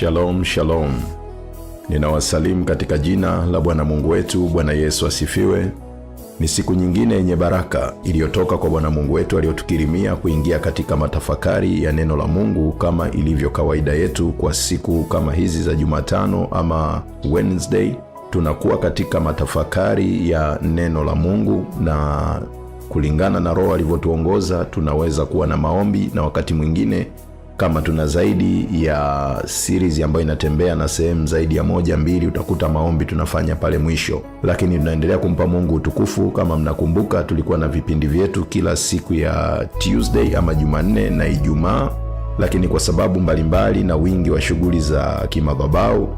Shalom, shalom. Ninawasalimu katika jina la Bwana Mungu wetu. Bwana Yesu asifiwe. Ni siku nyingine yenye baraka iliyotoka kwa Bwana Mungu wetu aliyotukirimia kuingia katika matafakari ya neno la Mungu kama ilivyo kawaida yetu kwa siku kama hizi za Jumatano ama Wednesday, tunakuwa katika matafakari ya neno la Mungu na kulingana na Roho alivyotuongoza tunaweza kuwa na maombi na wakati mwingine kama tuna zaidi ya series ambayo inatembea na sehemu zaidi ya moja mbili, utakuta maombi tunafanya pale mwisho, lakini tunaendelea kumpa Mungu utukufu. Kama mnakumbuka, tulikuwa na vipindi vyetu kila siku ya Tuesday ama Jumanne na Ijumaa, lakini kwa sababu mbalimbali mbali na wingi wa shughuli za kimadhabahu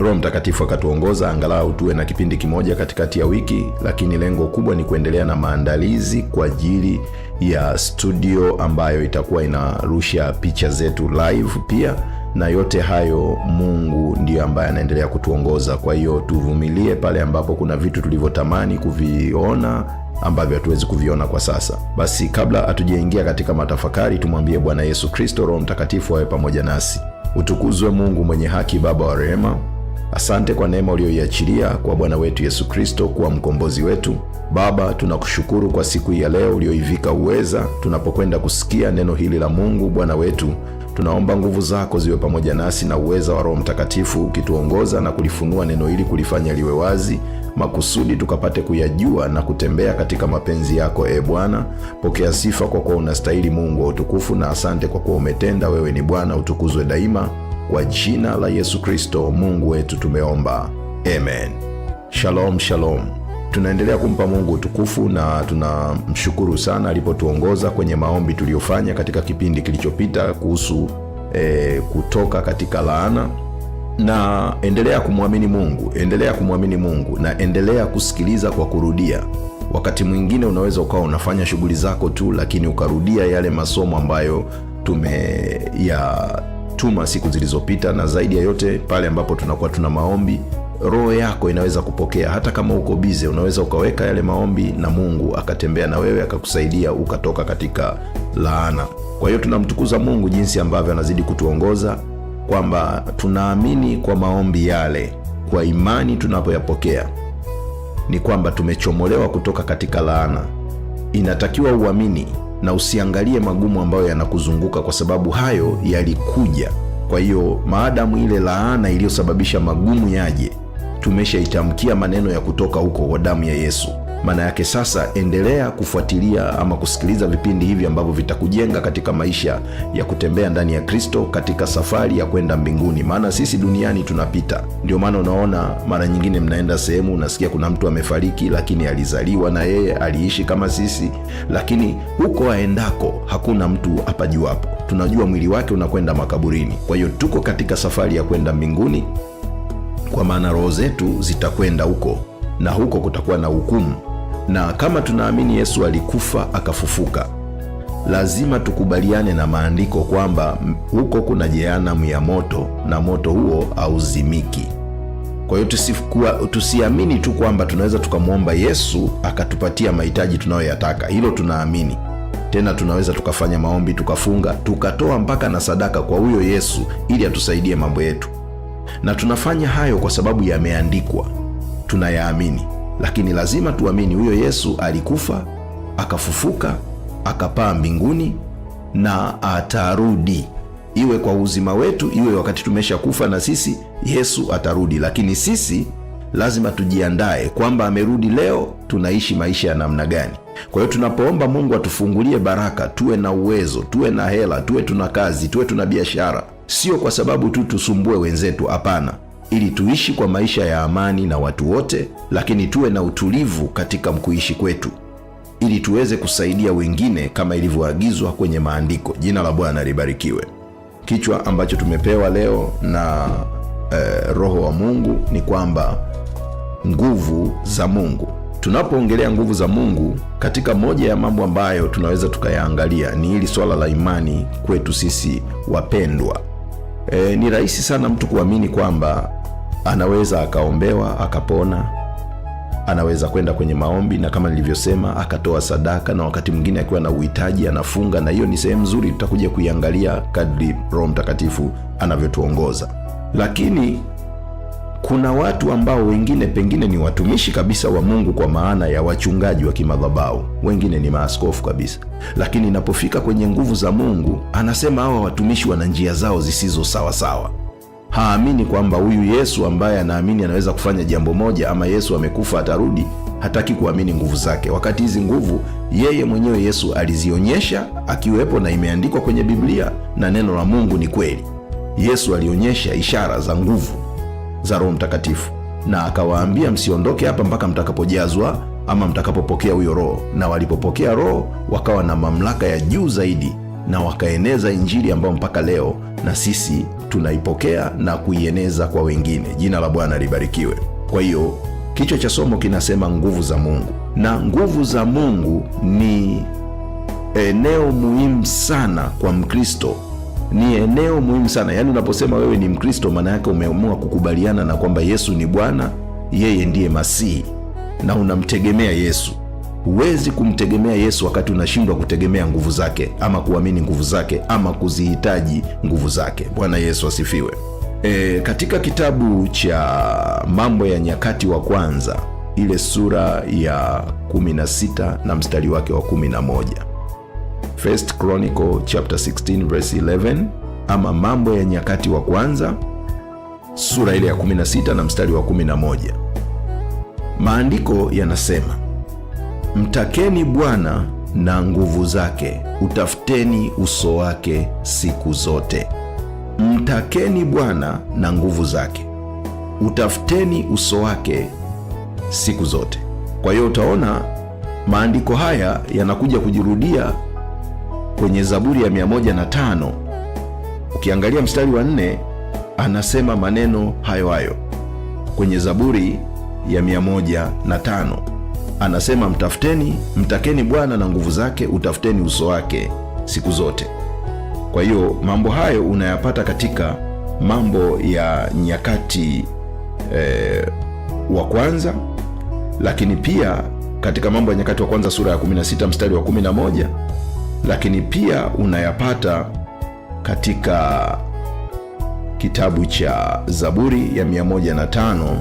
Roho Mtakatifu akatuongoza angalau tuwe na kipindi kimoja katikati ya wiki, lakini lengo kubwa ni kuendelea na maandalizi kwa ajili ya studio ambayo itakuwa inarusha picha zetu live pia na yote hayo Mungu ndiyo ambaye anaendelea kutuongoza. Kwa hiyo tuvumilie pale ambapo kuna vitu tulivyotamani kuviona ambavyo hatuwezi kuviona kwa sasa. Basi kabla hatujaingia katika matafakari, tumwambie Bwana Yesu Kristo, Roho Mtakatifu awe pamoja nasi. Utukuzwe Mungu mwenye haki, Baba wa rehema Asante kwa neema uliyoiachilia kwa Bwana wetu Yesu Kristo kuwa mkombozi wetu. Baba, tunakushukuru kwa siku hii ya leo uliyoivika uweza, tunapokwenda kusikia neno hili la Mungu Bwana wetu tunaomba nguvu zako ziwe pamoja nasi na uweza wa Roho Mtakatifu ukituongoza na kulifunua neno hili, kulifanya liwe wazi, makusudi tukapate kuyajua na kutembea katika mapenzi yako. E Bwana, pokea sifa kwa kuwa unastahili, Mungu wa utukufu, na asante kwa kuwa umetenda. Wewe ni Bwana, utukuzwe daima. Kwa jina la Yesu Kristo Mungu wetu tumeomba, amen. Shalom, shalom. Tunaendelea kumpa Mungu utukufu na tunamshukuru sana alipotuongoza kwenye maombi tuliyofanya katika kipindi kilichopita kuhusu e, kutoka katika laana na endelea kumwamini Mungu, endelea kumwamini Mungu na endelea kusikiliza kwa kurudia. Wakati mwingine unaweza ukawa unafanya shughuli zako tu, lakini ukarudia yale masomo ambayo tume ya tuma siku zilizopita, na zaidi ya yote pale ambapo tunakuwa tuna maombi roho yako inaweza kupokea. Hata kama uko bize, unaweza ukaweka yale maombi na Mungu akatembea na wewe akakusaidia ukatoka katika laana. Kwa hiyo tunamtukuza Mungu jinsi ambavyo anazidi kutuongoza, kwamba tunaamini kwa maombi yale, kwa imani tunapoyapokea ni kwamba tumechomolewa kutoka katika laana. Inatakiwa uamini na usiangalie magumu ambayo yanakuzunguka kwa sababu hayo yalikuja. Kwa hiyo maadamu ile laana iliyosababisha magumu yaje, tumeshaitamkia maneno ya kutoka huko kwa damu ya Yesu. Maana yake sasa, endelea kufuatilia ama kusikiliza vipindi hivi ambavyo vitakujenga katika maisha ya kutembea ndani ya Kristo katika safari ya kwenda mbinguni, maana sisi duniani tunapita. Ndio maana unaona mara nyingine mnaenda sehemu, unasikia kuna mtu amefariki, lakini alizaliwa na yeye aliishi kama sisi, lakini huko aendako hakuna mtu apajuapo. Tunajua mwili wake unakwenda makaburini. Kwa hiyo tuko katika safari ya kwenda mbinguni, kwa maana roho zetu zitakwenda huko na huko kutakuwa na hukumu na kama tunaamini Yesu alikufa akafufuka, lazima tukubaliane na maandiko kwamba huko kuna jehanamu ya moto na moto huo hauzimiki. Kwa hiyo tusiamini tu kwamba tunaweza tukamwomba Yesu akatupatia mahitaji tunayoyataka. Hilo tunaamini tena, tunaweza tukafanya maombi, tukafunga, tukatoa mpaka na sadaka kwa huyo Yesu ili atusaidie mambo yetu, na tunafanya hayo kwa sababu yameandikwa, tunayaamini lakini lazima tuamini huyo Yesu alikufa, akafufuka, akapaa mbinguni na atarudi, iwe kwa uzima wetu, iwe wakati tumeshakufa na sisi, Yesu atarudi. Lakini sisi lazima tujiandae kwamba amerudi leo, tunaishi maisha ya namna gani? Kwa hiyo tunapoomba Mungu atufungulie baraka, tuwe na uwezo, tuwe na hela, tuwe tuna kazi, tuwe tuna biashara, sio kwa sababu tu tusumbue wenzetu, hapana, ili tuishi kwa maisha ya amani na watu wote, lakini tuwe na utulivu katika mkuishi kwetu ili tuweze kusaidia wengine kama ilivyoagizwa kwenye maandiko. Jina la Bwana libarikiwe. Kichwa ambacho tumepewa leo na eh, Roho wa Mungu ni kwamba nguvu za Mungu. Tunapoongelea nguvu za Mungu, katika moja ya mambo ambayo tunaweza tukayaangalia ni hili swala la imani kwetu sisi wapendwa. E, ni rahisi sana mtu kuamini kwamba Anaweza akaombewa akapona, anaweza kwenda kwenye maombi, na kama nilivyosema, akatoa sadaka, na wakati mwingine akiwa na uhitaji anafunga, na hiyo ni sehemu nzuri, tutakuja kuiangalia kadri Roho Mtakatifu anavyotuongoza. Lakini kuna watu ambao wengine pengine ni watumishi kabisa wa Mungu kwa maana ya wachungaji wa kimadhabahu, wengine ni maaskofu kabisa, lakini inapofika kwenye nguvu za Mungu anasema hawa watumishi wana njia zao zisizo sawasawa sawa haamini kwamba huyu Yesu ambaye anaamini anaweza kufanya jambo moja ama Yesu amekufa atarudi, hataki kuamini nguvu zake, wakati hizi nguvu yeye mwenyewe Yesu alizionyesha akiwepo, na imeandikwa kwenye Biblia na neno la Mungu ni kweli. Yesu alionyesha ishara za nguvu za Roho Mtakatifu na akawaambia, msiondoke hapa mpaka mtakapojazwa ama mtakapopokea huyo Roho, na walipopokea Roho wakawa na mamlaka ya juu zaidi na wakaeneza Injili ambayo mpaka leo na sisi tunaipokea na kuieneza kwa wengine. Jina la Bwana libarikiwe. Kwa hiyo kichwa cha somo kinasema nguvu za Mungu, na nguvu za Mungu ni eneo muhimu sana kwa Mkristo ni eneo muhimu sana yaani, unaposema wewe ni Mkristo, maana yake umeamua kukubaliana na kwamba Yesu ni Bwana, yeye ndiye Masihi na unamtegemea Yesu. Huwezi kumtegemea Yesu wakati unashindwa kutegemea nguvu zake ama kuamini nguvu zake ama kuzihitaji nguvu zake. Bwana Yesu asifiwe. E, katika kitabu cha Mambo ya Nyakati wa Kwanza ile sura ya 16 na mstari wake wa 11, First Chronicle chapter 16 verse 11, ama Mambo ya Nyakati wa Kwanza sura ile ya 16 na mstari wa 11, maandiko yanasema Mtakeni Bwana na nguvu zake, utafuteni uso wake siku zote. Mtakeni Bwana na nguvu zake, utafuteni uso wake siku zote. Kwa hiyo utaona maandiko haya yanakuja kujirudia kwenye Zaburi ya 105. Ukiangalia mstari wa nne anasema maneno hayo hayo kwenye Zaburi ya 105 anasema mtafuteni, mtakeni Bwana na nguvu zake, utafuteni uso wake siku zote. Kwa hiyo mambo hayo unayapata katika Mambo ya Nyakati e, wa kwanza, lakini pia katika Mambo ya Nyakati wa kwanza sura ya 16 mstari wa 11, lakini pia unayapata katika kitabu cha Zaburi ya 105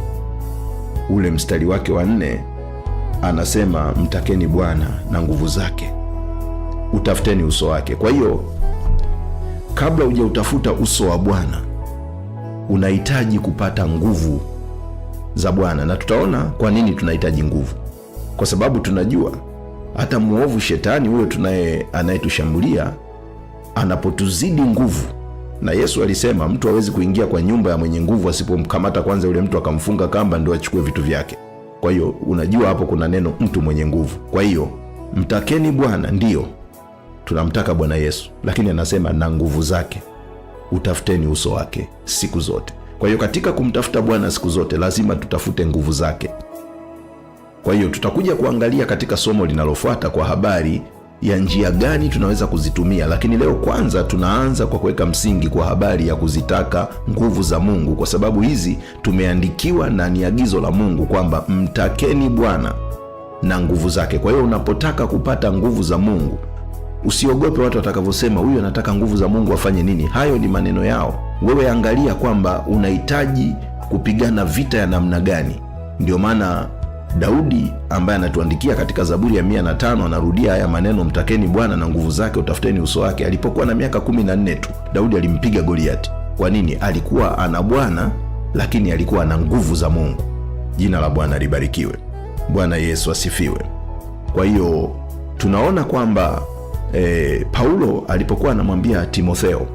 ule mstari wake wa nne anasema mtakeni Bwana na nguvu zake, utafuteni uso wake. Kwa hiyo kabla hujautafuta uso wa Bwana unahitaji kupata nguvu za Bwana, na tutaona kwa nini tunahitaji nguvu, kwa sababu tunajua hata mwovu shetani huyo tunaye anayetushambulia anapotuzidi nguvu, na Yesu alisema mtu hawezi kuingia kwa nyumba ya mwenye nguvu asipomkamata kwanza yule mtu akamfunga kamba, ndio achukue vitu vyake. Kwa hiyo unajua hapo kuna neno mtu mwenye nguvu. Kwa hiyo mtakeni Bwana, ndiyo tunamtaka Bwana Yesu, lakini anasema na nguvu zake utafuteni uso wake siku zote. Kwa hiyo katika kumtafuta Bwana siku zote lazima tutafute nguvu zake. Kwa hiyo tutakuja kuangalia katika somo linalofuata kwa habari ya njia gani tunaweza kuzitumia, lakini leo kwanza tunaanza kwa kuweka msingi kwa habari ya kuzitaka nguvu za Mungu, kwa sababu hizi tumeandikiwa na ni agizo la Mungu kwamba mtakeni Bwana na nguvu zake. Kwa hiyo unapotaka kupata nguvu za Mungu usiogope watu watakavyosema, huyu anataka nguvu za Mungu afanye nini? Hayo ni maneno yao. Wewe angalia kwamba unahitaji kupigana vita ya namna gani. Ndio maana Daudi ambaye anatuandikia katika Zaburi ya mia na tano anarudia haya maneno, mtakeni Bwana na nguvu zake, utafuteni uso wake. Alipokuwa na miaka kumi na nne tu Daudi alimpiga Goliati. Kwa nini? Alikuwa ana Bwana, lakini alikuwa ana nguvu za Mungu. Jina la Bwana libarikiwe. Bwana Yesu asifiwe. Kwa hiyo tunaona kwamba e, Paulo alipokuwa anamwambia Timotheo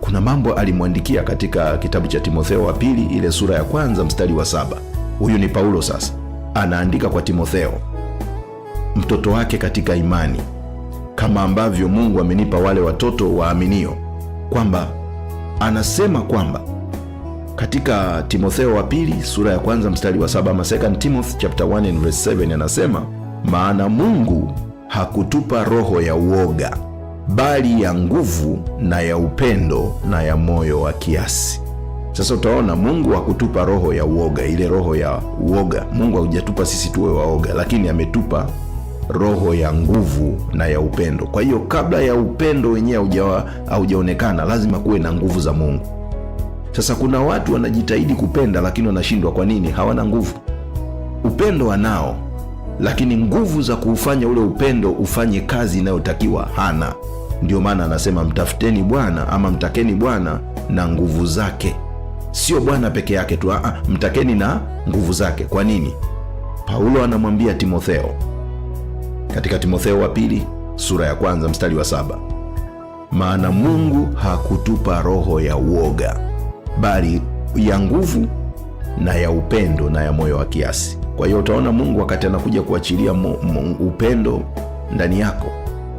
kuna mambo alimwandikia katika kitabu cha Timotheo wa pili ile sura ya kwanza mstari wa saba. Huyu ni Paulo sasa anaandika kwa Timotheo, mtoto wake katika imani, kama ambavyo Mungu amenipa wale watoto waaminio, kwamba anasema kwamba katika Timotheo wa pili sura ya kwanza mstari wa saba ama second Timothy chapter 1 and verse 7 anasema, maana Mungu hakutupa roho ya uoga, bali ya nguvu na ya upendo na ya moyo wa kiasi. Sasa utaona Mungu hakutupa roho ya uoga, ile roho ya uoga. Mungu haujatupa sisi tuwe waoga, lakini ametupa roho ya nguvu na ya upendo. Kwa hiyo kabla ya upendo wenyewe haujaonekana, lazima kuwe na nguvu za Mungu. Sasa kuna watu wanajitahidi kupenda, lakini wanashindwa. Kwa nini? Hawana nguvu. Upendo wanao, lakini nguvu za kuufanya ule upendo ufanye kazi inayotakiwa hana. Ndio maana anasema mtafuteni Bwana ama mtakeni Bwana na nguvu zake sio Bwana peke yake tu, aa, ah, ah, mtakeni na nguvu zake. Kwa nini? Paulo anamwambia Timotheo katika Timotheo wa pili sura ya kwanza mstari wa saba maana Mungu hakutupa roho ya uoga, bali ya nguvu na ya upendo na ya moyo wa kiasi. Kwa hiyo utaona Mungu wakati anakuja kuachilia upendo ndani yako,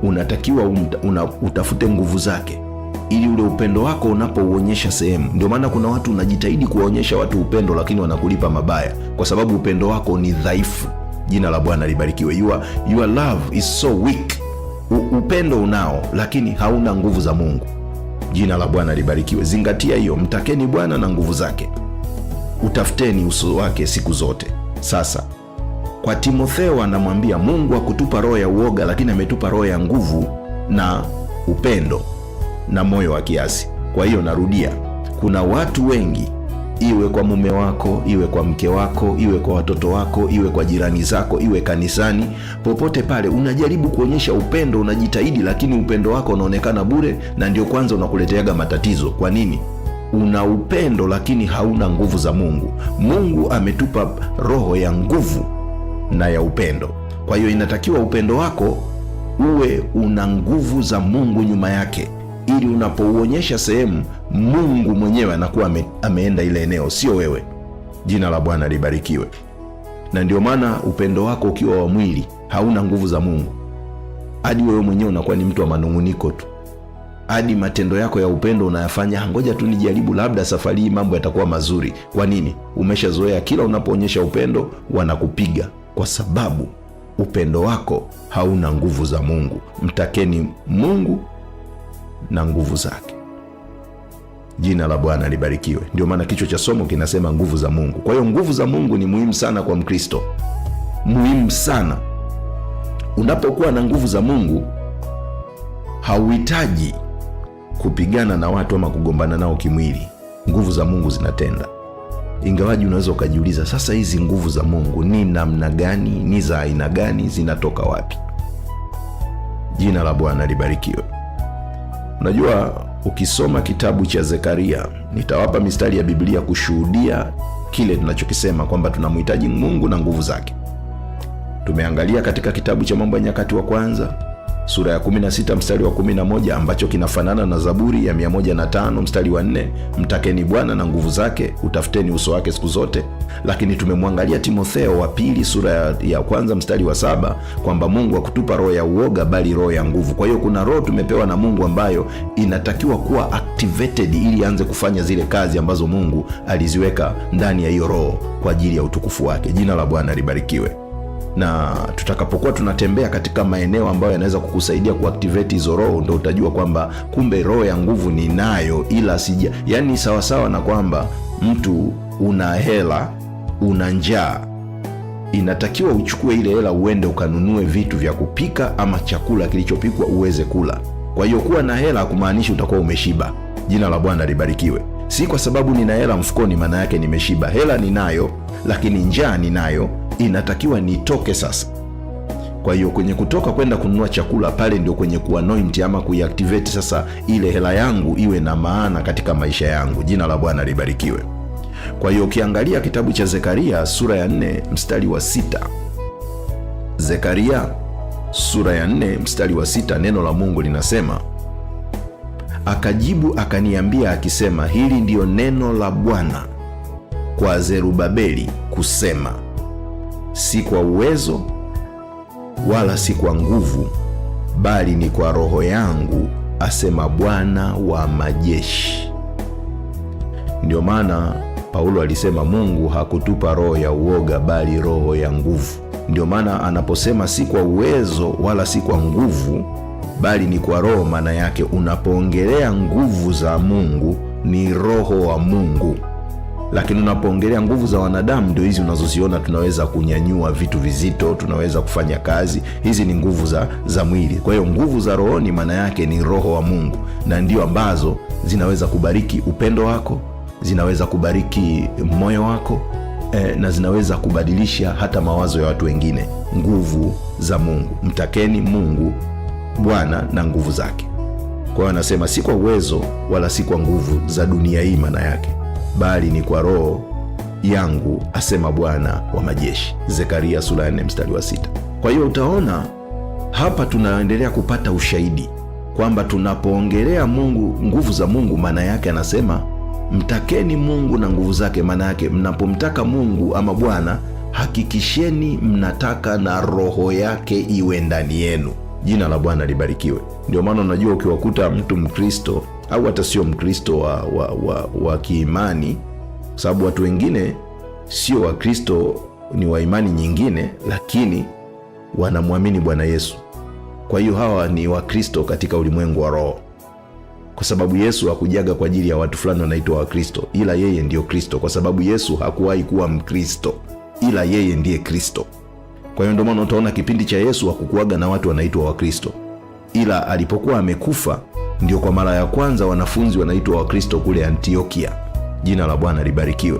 unatakiwa una, utafute nguvu zake ili ule upendo wako unapouonyesha sehemu. Ndio maana kuna watu unajitahidi kuwaonyesha watu upendo, lakini wanakulipa mabaya, kwa sababu upendo wako ni dhaifu. Jina la Bwana libarikiwe. Your, your love is so weak. U, upendo unao lakini hauna nguvu za Mungu. Jina la Bwana libarikiwe. Zingatia hiyo, mtakeni Bwana na nguvu zake, utafuteni uso wake siku zote. Sasa kwa Timotheo anamwambia Mungu akutupa roho ya uoga, lakini ametupa roho ya nguvu na upendo na moyo wa kiasi. Kwa hiyo narudia, kuna watu wengi, iwe kwa mume wako, iwe kwa mke wako, iwe kwa watoto wako, iwe kwa jirani zako, iwe kanisani, popote pale unajaribu kuonyesha upendo, unajitahidi, lakini upendo wako unaonekana bure, na ndio kwanza unakuleteaga matatizo. Kwa nini? Una upendo lakini hauna nguvu za Mungu. Mungu ametupa roho ya nguvu na ya upendo. Kwa hiyo inatakiwa upendo wako uwe una nguvu za Mungu nyuma yake ili unapouonyesha sehemu, Mungu mwenyewe anakuwa ame, ameenda ile eneo, sio wewe. Jina la Bwana libarikiwe. Na ndio maana upendo wako ukiwa wa mwili hauna nguvu za Mungu, hadi wewe mwenyewe unakuwa ni mtu wa manung'uniko tu, hadi matendo yako ya upendo unayafanya, ngoja tu nijaribu, labda safari hii mambo yatakuwa mazuri. Kwa nini? Umeshazoea kila unapoonyesha upendo wanakupiga, kwa sababu upendo wako hauna nguvu za Mungu. Mtakeni Mungu na nguvu zake. Jina la Bwana libarikiwe. Ndio maana kichwa cha somo kinasema nguvu za Mungu. Kwa hiyo nguvu za Mungu ni muhimu sana kwa Mkristo, muhimu sana. Unapokuwa na nguvu za Mungu hauhitaji kupigana na watu ama kugombana nao kimwili. Nguvu za Mungu zinatenda. Ingawaji unaweza ukajiuliza, sasa hizi nguvu za Mungu ni namna gani? Ni za aina gani? Zinatoka wapi? Jina la Bwana libarikiwe. Unajua, ukisoma kitabu cha Zekaria, nitawapa mistari ya Biblia kushuhudia kile tunachokisema kwamba tunamhitaji Mungu na nguvu zake. Tumeangalia katika kitabu cha Mambo ya Nyakati wa Kwanza sura ya 16 mstari wa 11 ambacho kinafanana na Zaburi ya 105 mstari wa 4, mtakeni Bwana na nguvu zake, utafuteni uso wake siku zote. Lakini tumemwangalia Timotheo wa pili sura ya kwanza mstari wa saba kwamba Mungu hakutupa roho ya uoga, bali roho ya nguvu. Kwa hiyo kuna roho tumepewa na Mungu ambayo inatakiwa kuwa activated ili ianze kufanya zile kazi ambazo Mungu aliziweka ndani ya hiyo roho kwa ajili ya utukufu wake. Jina la Bwana libarikiwe na tutakapokuwa tunatembea katika maeneo ambayo yanaweza kukusaidia kuaktiveti hizo roho, ndo utajua kwamba kumbe roho ya nguvu ninayo, ila sija. Yani sawasawa na kwamba mtu una hela, una njaa, inatakiwa uchukue ile hela uende ukanunue vitu vya kupika ama chakula kilichopikwa uweze kula. Kwa hiyo kuwa na hela hakumaanishi utakuwa umeshiba. Jina la Bwana libarikiwe. Si kwa sababu nina hela mfukoni maana yake nimeshiba. Hela ninayo, lakini njaa ninayo inatakiwa nitoke sasa. Kwa hiyo kwenye kutoka kwenda kununua chakula pale ndio kwenye kuanoint ama kuiactivate sasa ile hela yangu iwe na maana katika maisha yangu. Jina la Bwana libarikiwe. Kwa hiyo ukiangalia kitabu cha Zekaria sura ya 4 mstari wa sita, Zekaria sura ya 4 mstari wa sita, neno la Mungu linasema Akajibu akaniambia akisema, hili ndiyo neno la Bwana kwa Zerubabeli kusema si kwa uwezo wala si kwa nguvu, bali ni kwa Roho yangu, asema Bwana wa majeshi. ndio maana Paulo alisema Mungu hakutupa roho ya uoga, bali roho ya nguvu. ndio maana anaposema si kwa uwezo wala si kwa nguvu, bali ni kwa Roho, maana yake unapoongelea nguvu za Mungu ni Roho wa Mungu lakini unapoongelea nguvu za wanadamu ndio hizi unazoziona, tunaweza kunyanyua vitu vizito, tunaweza kufanya kazi. Hizi ni nguvu za, za mwili. Kwa hiyo nguvu za rohoni maana yake ni roho wa Mungu, na ndio ambazo zinaweza kubariki upendo wako, zinaweza kubariki moyo wako eh, na zinaweza kubadilisha hata mawazo ya watu wengine. Nguvu za Mungu, mtakeni Mungu Bwana na nguvu zake. Kwa hiyo anasema si kwa uwezo wala si kwa nguvu za dunia hii, maana yake bali ni kwa roho yangu, asema Bwana wa majeshi. Zekaria sura ya 4 mstari wa sita. Kwa hiyo utaona hapa tunaendelea kupata ushahidi kwamba tunapoongelea Mungu, nguvu za Mungu, maana yake anasema mtakeni Mungu na nguvu zake. Maana yake mnapomtaka Mungu ama Bwana, hakikisheni mnataka na roho yake iwe ndani yenu. Jina la Bwana libarikiwe. Ndio maana unajua ukiwakuta mtu Mkristo au hata sio Mkristo wa, wa, wa, wa kiimani, kwa sababu watu wengine sio Wakristo, ni wa imani nyingine, lakini wanamwamini Bwana Yesu. Kwa hiyo hawa ni Wakristo katika ulimwengu wa roho, kwa sababu Yesu hakujaga kwa ajili ya watu fulani wanaitwa Wakristo, ila yeye ndiyo Kristo, kwa sababu Yesu hakuwahi kuwa Mkristo, ila yeye ndiye Kristo. Kwa hiyo ndio maana utaona kipindi cha Yesu hakukuaga na watu wanaitwa Wakristo, ila alipokuwa amekufa ndio kwa mara ya kwanza wanafunzi wanaitwa Wakristo kule Antiokia. Jina la Bwana libarikiwe.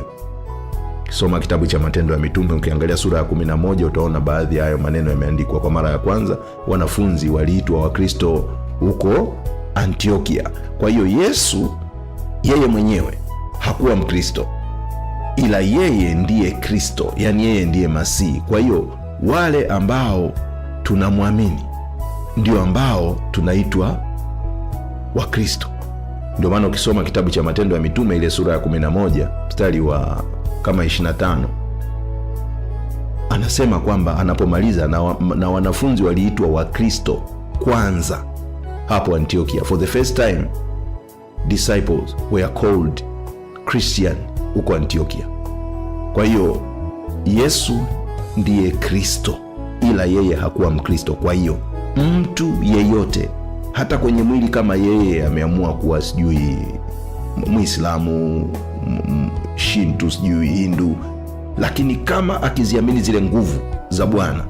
Soma kitabu cha Matendo ya Mitume, ukiangalia sura ya 11 utaona baadhi ya hayo maneno yameandikwa. Kwa mara ya kwanza wanafunzi waliitwa Wakristo huko Antiokia. Kwa hiyo Yesu yeye mwenyewe hakuwa Mkristo, ila yeye ndiye Kristo, yaani yeye ndiye Masihi. Kwa hiyo wale ambao tunamwamini ndio ambao tunaitwa wa Kristo. Ndio maana ukisoma kitabu cha Matendo ya Mitume ile sura ya 11 mstari wa kama 25 anasema kwamba anapomaliza na, wa, na wanafunzi waliitwa Wakristo kwanza hapo Antiochia. For the first time disciples were called Christian huko Antiochia. Kwa hiyo Yesu ndiye Kristo, ila yeye hakuwa Mkristo. Kwa hiyo mtu yeyote hata kwenye mwili, kama yeye ameamua kuwa sijui Muislamu, Shintu, sijui Hindu, lakini kama akiziamini zile nguvu za Bwana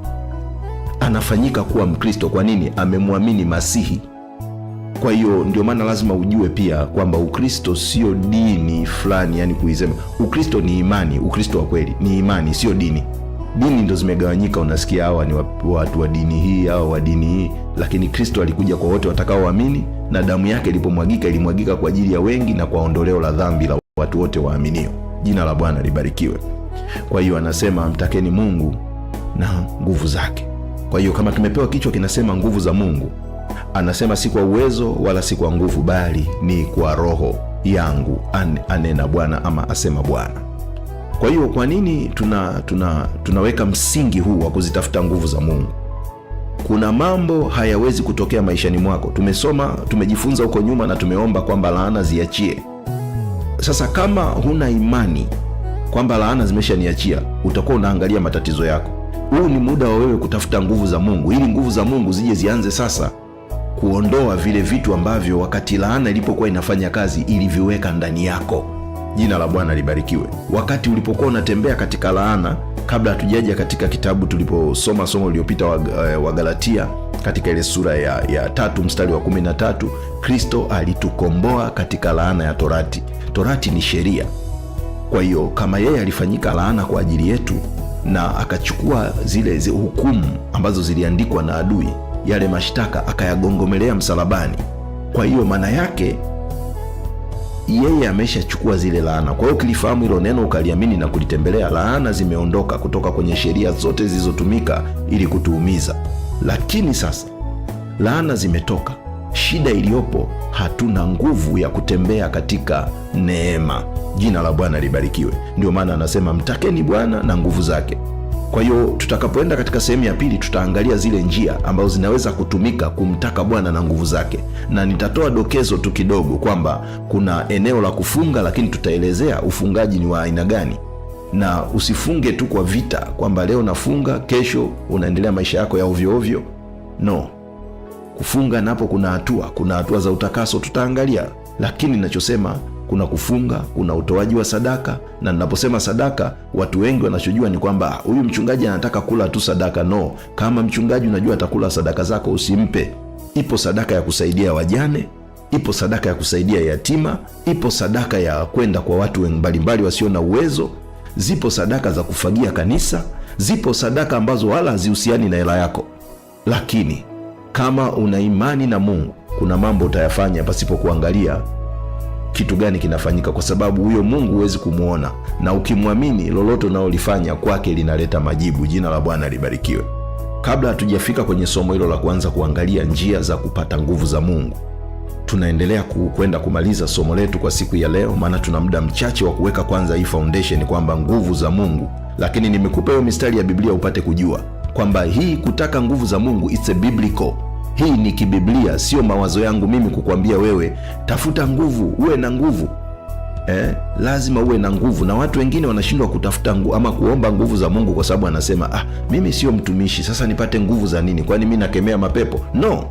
anafanyika kuwa Mkristo. Kwa nini? Amemwamini Masihi. Kwa hiyo ndio maana lazima ujue pia kwamba Ukristo sio dini fulani, yani kuisema Ukristo ni imani. Ukristo wa kweli ni imani, sio dini dini ndo zimegawanyika. Unasikia hawa ni watu wa dini hii, au wa dini hii, lakini Kristo alikuja kwa wote watakaoamini, na damu yake ilipomwagika ilimwagika kwa ajili ya wengi na kwa ondoleo la dhambi la watu wote waaminio. Jina la Bwana libarikiwe. Kwa hiyo anasema mtakeni Mungu na nguvu zake. Kwa hiyo kama tumepewa kichwa kinasema nguvu za Mungu, anasema si kwa uwezo wala si kwa nguvu, bali ni kwa Roho yangu, anena Bwana ama asema Bwana. Kwa hiyo kwa nini tuna, tuna, tunaweka msingi huu wa kuzitafuta nguvu za Mungu? Kuna mambo hayawezi kutokea maishani mwako. Tumesoma, tumejifunza huko nyuma na tumeomba kwamba laana ziachie. Sasa kama huna imani kwamba laana zimeshaniachia, utakuwa unaangalia matatizo yako. Huu ni muda wa wewe kutafuta nguvu za Mungu ili nguvu za Mungu zije zianze sasa kuondoa vile vitu ambavyo wakati laana ilipokuwa inafanya kazi iliviweka ndani yako. Jina la Bwana libarikiwe. Wakati ulipokuwa unatembea katika laana, kabla hatujaja katika kitabu tuliposoma somo lililopita Wagalatia eh, katika ile sura ya, ya tatu mstari wa kumi na tatu Kristo alitukomboa katika laana ya torati. Torati ni sheria. Kwa hiyo kama yeye alifanyika laana kwa ajili yetu na akachukua zile, zile hukumu ambazo ziliandikwa na adui, yale mashtaka akayagongomelea msalabani. Kwa hiyo maana yake yeye ameshachukua zile laana. Kwa hiyo ukilifahamu hilo neno ukaliamini na kulitembelea, laana zimeondoka kutoka kwenye sheria zote zilizotumika ili kutuumiza. Lakini sasa laana zimetoka, shida iliyopo, hatuna nguvu ya kutembea katika neema. Jina la Bwana libarikiwe. Ndio maana anasema mtakeni Bwana na nguvu zake. Kwa hiyo tutakapoenda katika sehemu ya pili, tutaangalia zile njia ambazo zinaweza kutumika kumtaka Bwana na nguvu zake, na nitatoa dokezo tu kidogo kwamba kuna eneo la kufunga, lakini tutaelezea ufungaji ni wa aina gani na usifunge tu kwa vita kwamba leo nafunga, kesho unaendelea maisha yako ya ovyo ovyo. No, kufunga napo kuna hatua, kuna hatua za utakaso tutaangalia, lakini ninachosema kuna kufunga, kuna utoaji wa sadaka. Na ninaposema sadaka, watu wengi wanachojua ni kwamba ah, huyu mchungaji anataka kula tu sadaka. No, kama mchungaji unajua atakula sadaka zako, usimpe. Ipo sadaka ya kusaidia wajane, ipo sadaka ya kusaidia yatima, ipo sadaka ya kwenda kwa watu mbalimbali wasio na uwezo, zipo sadaka za kufagia kanisa, zipo sadaka ambazo wala hazihusiani na hela yako. Lakini kama una imani na Mungu, kuna mambo utayafanya pasipo kuangalia kitu gani kinafanyika, kwa sababu huyo Mungu huwezi kumwona, na ukimwamini, lolote unalolifanya kwake linaleta majibu. Jina la Bwana libarikiwe. Kabla hatujafika kwenye somo hilo la kuanza kuangalia njia za kupata nguvu za Mungu, tunaendelea kwenda kumaliza somo letu kwa siku ya leo, maana tuna muda mchache wa kuweka kwanza hii foundation kwamba nguvu za Mungu, lakini nimekupa hiyo mistari ya Biblia upate kujua kwamba hii kutaka nguvu za Mungu it's a biblical hii ni kibiblia, sio mawazo yangu mimi kukwambia wewe tafuta nguvu, uwe na nguvu eh. Lazima uwe na nguvu, na watu wengine wanashindwa kutafuta nguvu ama kuomba nguvu za Mungu kwa sababu anasema ah, mimi sio mtumishi, sasa nipate nguvu za nini? Kwani mimi nakemea mapepo? No,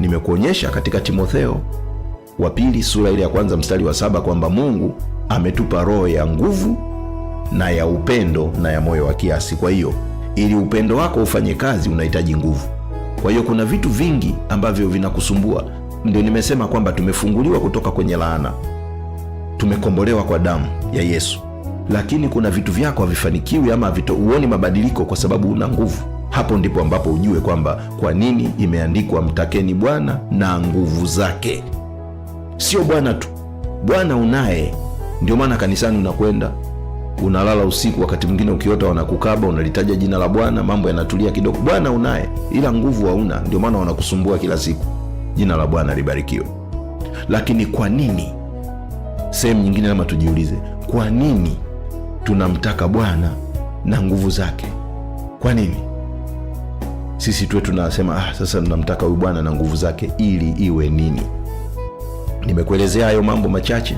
nimekuonyesha katika Timotheo wa pili sura ile ya kwanza mstari wa saba kwamba Mungu ametupa roho ya nguvu na ya upendo na ya moyo wa kiasi. Kwa hiyo ili upendo wako ufanye kazi, unahitaji nguvu. Kwa hiyo kuna vitu vingi ambavyo vinakusumbua. Ndio nimesema kwamba tumefunguliwa kutoka kwenye laana, tumekombolewa kwa damu ya Yesu, lakini kuna vitu vyako havifanikiwi ama vito, uoni mabadiliko kwa sababu una nguvu. Hapo ndipo ambapo ujue kwamba kwa nini imeandikwa mtakeni Bwana na nguvu zake. Sio Bwana tu, Bwana unaye. Ndio maana kanisani unakwenda unalala usiku, wakati mwingine ukiota wanakukaba, unalitaja jina la Bwana, mambo yanatulia kidogo. Bwana unaye, ila nguvu hauna, ndio maana wanakusumbua kila siku. Jina la Bwana libarikiwe. Lakini kwa nini, sehemu nyingine kama tujiulize, kwa nini tunamtaka Bwana na nguvu zake? Kwa nini sisi tuwe tunasema ah, sasa tunamtaka huyu Bwana na nguvu zake ili iwe nini? Nimekuelezea hayo mambo machache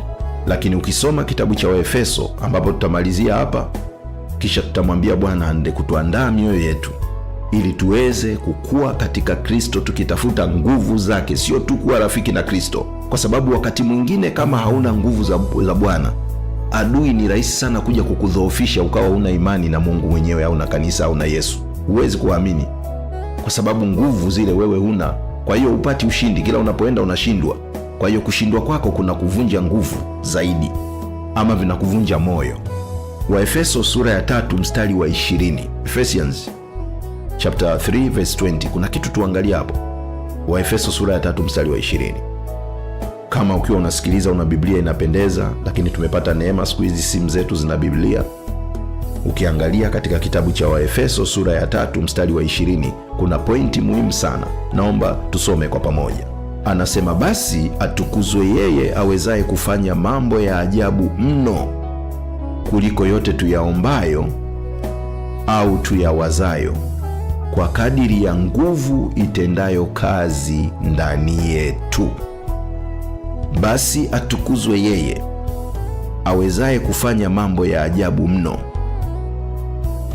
lakini ukisoma kitabu cha Waefeso ambapo tutamalizia hapa, kisha tutamwambia Bwana aende kutuandaa mioyo yetu ili tuweze kukua katika Kristo, tukitafuta nguvu zake, sio tu kuwa rafiki na Kristo, kwa sababu wakati mwingine kama hauna nguvu za, za Bwana adui ni rahisi sana kuja kukudhoofisha ukawa una imani na Mungu mwenyewe au na kanisa au na Yesu. Huwezi kuamini kwa sababu nguvu zile wewe huna, kwa hiyo upati ushindi, kila unapoenda unashindwa. Kwa hiyo kushindwa kwako kuna kuvunja nguvu zaidi ama vinakuvunja moyo. Waefeso sura ya tatu mstari wa ishirini. Ephesians chapter 3 verse 20. Kuna kitu tuangalia hapo. Waefeso sura ya tatu mstari wa ishirini. Kama ukiwa unasikiliza una Biblia inapendeza, lakini tumepata neema siku hizi simu zetu zina Biblia. Ukiangalia katika kitabu cha Waefeso sura ya tatu mstari wa ishirini kuna pointi muhimu sana, naomba tusome kwa pamoja. Anasema basi atukuzwe yeye awezaye kufanya mambo ya ajabu mno kuliko yote tuyaombayo au tuyawazayo, kwa kadiri ya nguvu itendayo kazi ndani yetu. Basi atukuzwe yeye awezaye kufanya mambo ya ajabu mno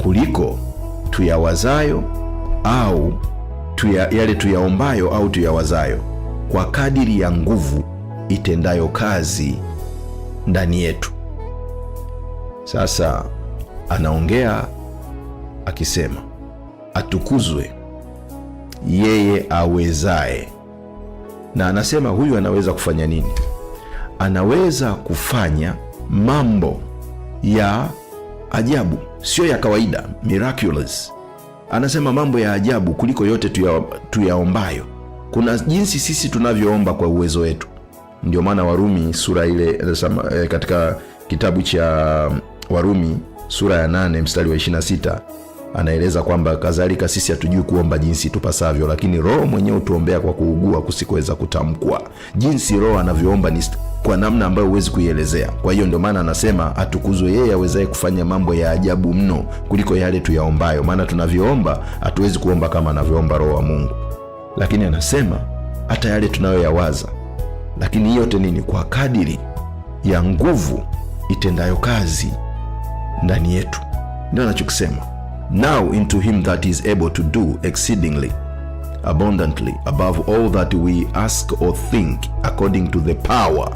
kuliko tuyawazayo au tuya, yale tuyaombayo au tuyawazayo kwa kadiri ya nguvu itendayo kazi ndani yetu. Sasa anaongea akisema, atukuzwe yeye awezaye. Na anasema huyu anaweza kufanya nini? Anaweza kufanya mambo ya ajabu, sio ya kawaida, miraculous. Anasema mambo ya ajabu kuliko yote tuyaombayo kuna jinsi sisi tunavyoomba kwa uwezo wetu. Ndio maana Warumi sura ile eh, eh, katika kitabu cha mm, Warumi sura ya nane mstari wa 26 anaeleza kwamba kadhalika sisi hatujui kuomba jinsi tupasavyo, lakini Roho mwenyewe hutuombea kwa kuugua kusikuweza kutamkwa. Jinsi Roho anavyoomba ni kwa namna ambayo huwezi kuielezea. Kwa hiyo ndio maana anasema atukuzwe yeye awezaye kufanya mambo ya ajabu mno kuliko yale tuyaombayo, maana tunavyoomba hatuwezi kuomba kama anavyoomba Roho wa Mungu lakini anasema hata yale tunayoyawaza, lakini yote nini? Kwa kadiri ya nguvu itendayo kazi ndani yetu. Ndio anachokisema, now into him that is able to do exceedingly abundantly above all that we ask or think according to the power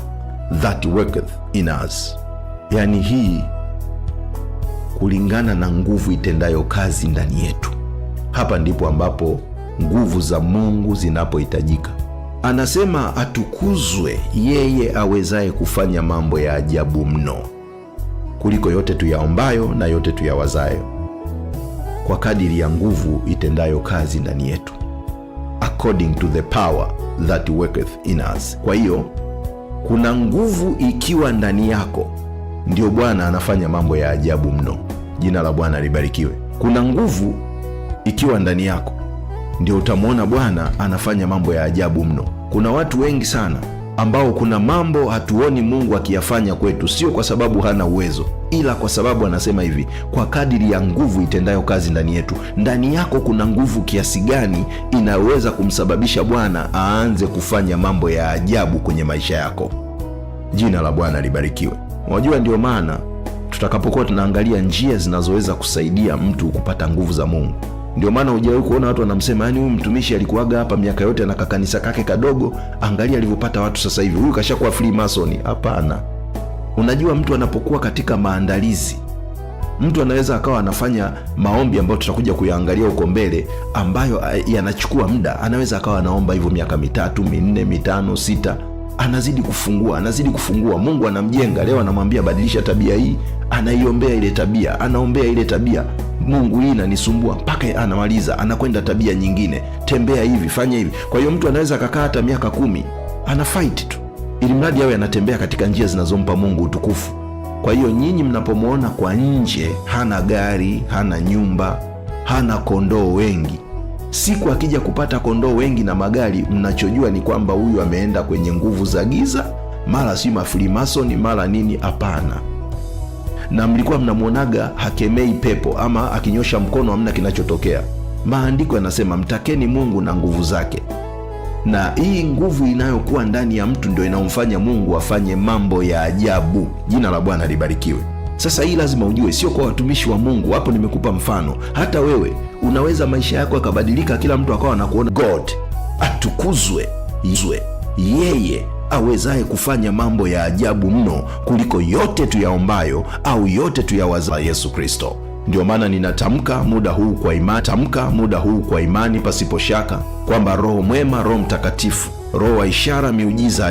that worketh in us. Yani hii kulingana na nguvu itendayo kazi ndani yetu. Hapa ndipo ambapo nguvu za Mungu zinapohitajika. Anasema atukuzwe yeye awezaye kufanya mambo ya ajabu mno kuliko yote tuyaombayo na yote tuyawazayo, kwa kadiri ya nguvu itendayo kazi ndani yetu, according to the power that worketh in us. Kwa hiyo kuna nguvu ikiwa ndani yako, ndiyo Bwana anafanya mambo ya ajabu mno. Jina la Bwana libarikiwe. Kuna nguvu ikiwa ndani yako ndio utamwona Bwana anafanya mambo ya ajabu mno. Kuna watu wengi sana ambao kuna mambo hatuoni Mungu akiyafanya kwetu, sio kwa sababu hana uwezo, ila kwa sababu anasema hivi, kwa kadiri ya nguvu itendayo kazi ndani yetu. Ndani yako kuna nguvu kiasi gani inaweza kumsababisha Bwana aanze kufanya mambo ya ajabu kwenye maisha yako? Jina la Bwana libarikiwe. wajua ndio maana tutakapokuwa tunaangalia njia zinazoweza kusaidia mtu kupata nguvu za Mungu ndio maana hujawahi kuona watu wanamsema, yani huyu mtumishi alikuwaga hapa miaka yote na kakanisa kake kadogo, angalia alivyopata watu sasa hivi, huyu kashakuwa free mason. Hapana, unajua mtu anapokuwa katika maandalizi mtu anaweza akawa anafanya maombi ambayo tutakuja kuyaangalia huko mbele, ambayo eh, yanachukua muda. Anaweza akawa anaomba hivyo miaka mitatu, minne, mitano, sita anazidi kufungua, anazidi kufungua. Mungu anamjenga leo, anamwambia badilisha tabia hii, anaiombea ile tabia, anaombea ile tabia Mungu hii inanisumbua mpaka anamaliza, anakwenda tabia nyingine, tembea hivi, fanya hivi. Kwa hiyo mtu anaweza akakaa hata miaka kumi ana fight tu, ili mradi awe anatembea katika njia zinazompa Mungu utukufu. Kwa hiyo nyinyi mnapomwona kwa nje, hana gari, hana nyumba, hana kondoo wengi, Siku akija kupata kondoo wengi na magari, mnachojua ni kwamba huyu ameenda kwenye nguvu za giza, mara si mafrimasoni mara nini. Hapana. Na mlikuwa mnamwonaga hakemei pepo, ama akinyosha mkono hamna kinachotokea. Maandiko yanasema mtakeni Mungu na nguvu zake, na hii nguvu inayokuwa ndani ya mtu ndio inamfanya Mungu afanye mambo ya ajabu. Jina la Bwana libarikiwe. Sasa hii lazima ujue, sio kwa watumishi wa Mungu. Hapo nimekupa mfano, hata wewe unaweza maisha yako yakabadilika, kila mtu akawa anakuona. God atukuzwe, yeye awezaye kufanya mambo ya ajabu mno kuliko yote tuyaombayo au yote tuyawaza. Yesu Kristo. Ndio maana ninatamka muda huu kwa imani, tamka muda huu kwa imani pasipo shaka kwamba Roho mwema, Roho Mtakatifu, Roho wa ishara, miujiza